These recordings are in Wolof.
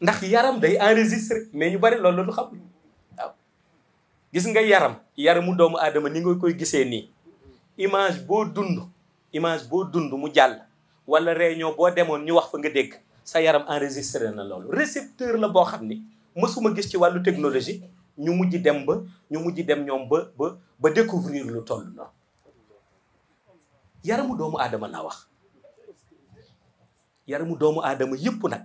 ndax yaram day enregistré mais ñu bari loolu la xam gis nga yaram yaramu doomu aadama ni nga koy gisee nii image boo dund image boo dund mu jàll wala réunion boo demoon ñu wax fa nga dégg sa yaram enregistré na loolu récepteur la boo xam ni mësuma gis ci wàllu technologie ñu mujj dem ba ñu mujj dem ñoom ba ba ba découvrir lu toll noonu yaramu doomu aadama naa wax yaramu doomu aadama yëpp nag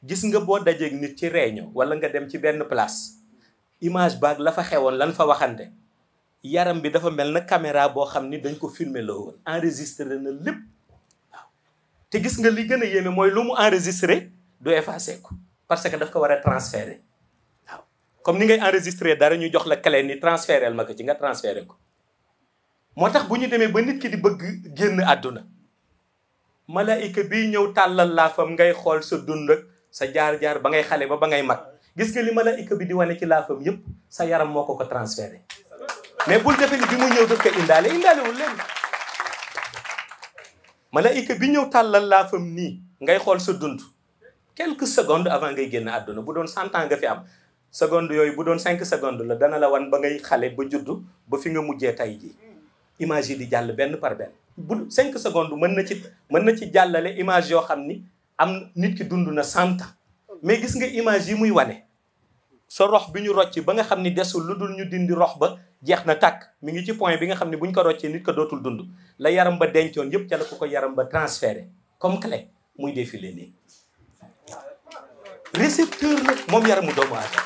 gis nga boo dajeeg nit ci réunion wala nga dem ci benn place image baag la fa xewoon lan fa waxante yaram bi dafa mel na caméra boo xam ni dañ ko filmer la woon enregistré na lépp waaw te gis nga li gën a yéeme mooy lu mu enregistré du effacé ko parce que daf ko war a transféré waaw comme ni ngay enregistré dara ñu jox la clé ni transférel ma ko ci nga transféré ko moo tax bu ñu demee ba nit ki di bëgg génn àdduna malaayika bii ñëw tàllal laafam ngay xool sa dund ak sa jaar-jaar ba ngay xale ba ba ngay mag gis nga li malaayika bi di wane ci laafam yëpp sa yaram moo ko ko transféré mais bul defe ni bi mu ñëw daf ko indaale indaale wul leen malaayika bi ñëw tàllal laa laafam nii ngay xool sa dund quelque secondes avant ngay génn àdduna bu doon cent ans nga fi am seconde yooyu bu doon cinq secondes la dana la wan ba ngay xale ba juddu ba fi nga mujjee tay jii image di jàll benn par benn bu cinq secondes mën na ci mën na ci jàllale image yoo xam ni am nit ki dund na cent mais gis nga image yi muy wane sa rox bi ñu rocc ba nga xam ni desul lu dul ñu dindi rox ba jeex na tàkk mu ngi ci point bi nga xam ne bu ñu ko roccee nit ko dootul dund la yaram ba dencoon yëpp ca la ko ko yaram ba transféré comme clé muy défilé nii récepteur la moom yaramu doomu aadama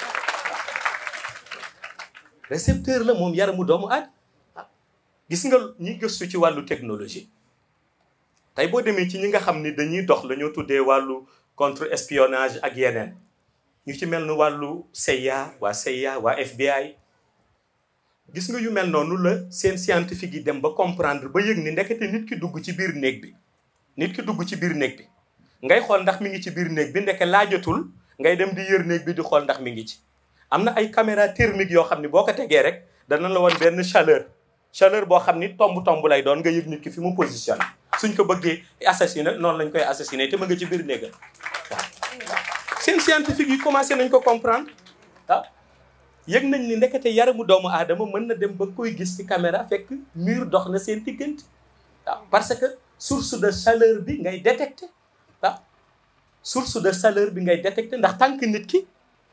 récepteur la moom yaramu doomu aadama ah, gis nga ñi gëstu ci wàllu technologie tey boo demee ci ñi nga xam ni dañuy dox la ñoo tuddee wàllu contre espionnage ak yeneen ñu ci mel ni wàllu CIA waa CIA waa FBI gis nga yu mel noonu la seen scientifique yi dem ba comprendre ba yëg ni ndekete nit ki dugg ci biir néeg bi nit ki dugg ci biir néeg bi ngay xool ndax mi ngi ci biir néeg bi ndeke laajatul ngay dem di yër néeg bi di xool ndax mi ngi ci am na ay caméra thermique yoo xam ni boo ko tegee rek dana la woon benn chaleur chaleur boo xam ni tomb tomb lay doon nga yëg fi mu positionné suñ ko bëggee assassiné noonu lañ koy assassiné te ma nga ci biir néegam waaw seen scientifique yi commencé nañ ko comprendre ah yëg nañ ni ndekete yaramu doomu aadama mën na dem ba koy gis ci caméra fekk mur dox na seen diggant waaw ah. parce que source de chaleur bi ngay détecté ah. source de chaleur bi ngay détecté ndax tànk nit ki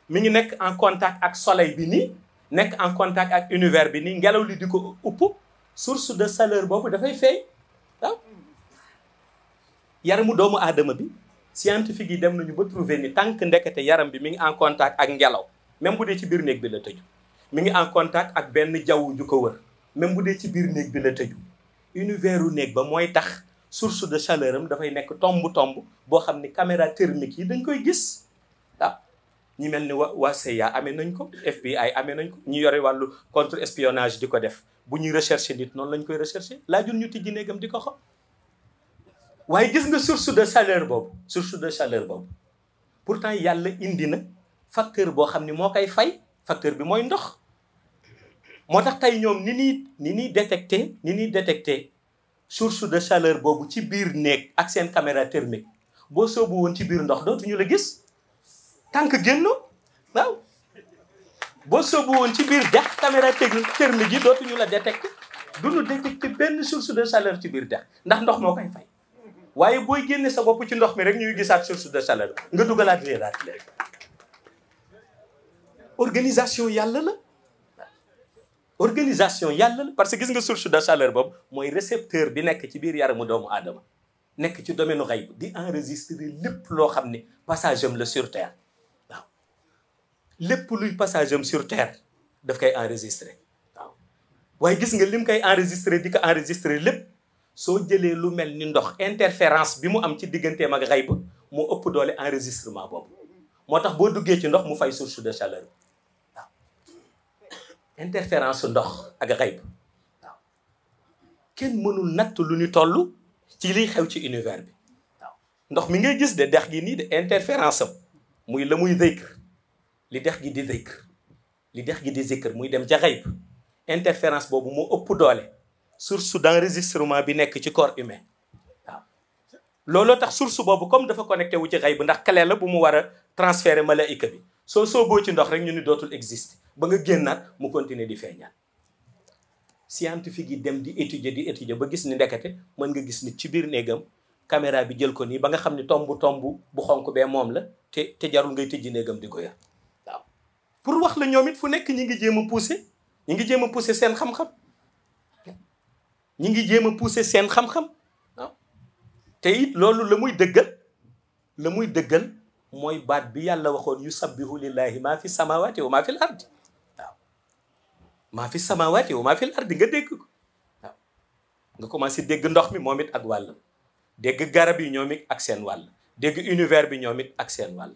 mu ngi nekk en contact ak soleil bi nii nekk en contact ak univers bi nii ngelaw li di ko upp source de chaleur boobu dafay feeñ ah. yaramu doomu aadama bi scientifique yi dem nañu ba trouver ni tant ndekete yaram bi mi ngi en contact ak ngelaw même bu dee ci biir néeg bi la tëju mi ngi en contact ak benn jaww ju ko wër même bu dee ci biir néeg bi la tëju univers u néeg ba mooy tax source de chaleur am dafay nekk tomb-tomb boo xam ni caméra thermique yi dañ koy gis waaw ñi mel ni wa waa CIA amee nañ ko FBI amee nañ ko ñu yore wàllu contre espionnage di ko def bu ñuy recherche nit noonu lañ koy recherche laajul ñu tijji néegam di ko xam waaye gis nga source de chaleur boobu source de chaleur boobu pourtant yàlla indi na facteur boo xam ni moo koy fay facteur bi mooy ndox moo tax tey ñoom ni nii ni ñuy détecté ni ñuy détecté source de chaleur boobu ci biir néeg ak seen caméra thermique boo soobu woon ci biir ndox dootuñu la gis tànk génno waaw boo soobu woon ci biir dex caméra thermique yi dootuñu la détecté duñu détecté benn source de chaleur ci biir dex ndax ndox moo koy waaye booy génne sa bopp ci ndox mi rek ñuy gisaat source de chaleur nga dugalaat réeraat léegi organisation yàlla la organisation yàlla la parce que gis nga source de chaleur boobu mooy récepteur bi nekk ci biir yaramu doomu aadama nekk ci domaine xayb di enregistrer lépp loo xam ni passage am la sur terre lépp luy passage am sur terre daf koy enregistrer waaw waaye gis nga lim koy enregistrer di ko enregistrer lépp soo jëlee lu mel ni ndox interférence bi mu am ci digganteem ak xayb moo ëpp doole enregistrement boobu moo tax boo duggee ci ndox mu fay source de chaleur waaw interférence ndox ak xayb waaw kenn mënul natt lu ñu toll ci liy xew ci univers bi waaw ndox mi ngay gis de dex gi nii de interférence am muy la muy zikr li dex gi di zikr li dex gi di zikr muy dem ja xayb interférence boobu moo ëpp doole source d'enregistrement bi nekk ci corps humain waaw looloo tax source boobu comme dafa connecté wu ci xay bu ndax clé la bu mu war a transférer malaïka bi soo sooboo ci ndox rek ñu ni dootul exist ba nga génnaat mu continuer di feeñaat scientifique yi dem di étudier di étudier ba gis ni ndekete mën nga gis nit ci biir néegam caméra bi jël ko nii ba nga xam ni tomb tomb bu xonk bee moom la te te jarul ngay tëjji néegam di ko yar waaw pour wax la ñoom it fu nekk ñi ngi jéem a pousser ñi ngi jéem a pousser seen xam ñi ngi jéem a pousser seen xam-xam te it loolu la muy dëggal la muy dëggal mooy baat bi yàlla waxoon yusabbihu lillahi maa fi samawati wa maa fi l ardi waaw maa fi samawati wa maa fi nga dégg ko nga commencé dégg ndox mi moom it ak wàll dégg garab yi ñoom it ak seen wàll dégg univers bi ñoom it ak seen wàll